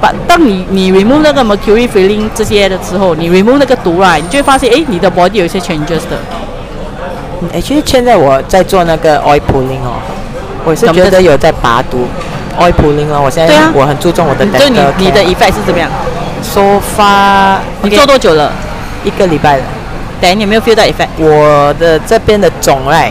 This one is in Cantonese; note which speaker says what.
Speaker 1: 但當你你 remove 那個 mercury feeling 之啲嘅時候，你 remove 那個毒啦，你就會發現，誒，你的 body 有一些 changes 的。
Speaker 2: 其實現在我在做那個 oil pulling 哦，我是覺得有在拔毒 oil pulling 哦。我現在對啊，我很注重我的。就你你的
Speaker 1: effect 是點樣？so far 你做多久了？一個禮拜了。等你有沒有 feel 到
Speaker 2: effect？我的這邊的腫脹。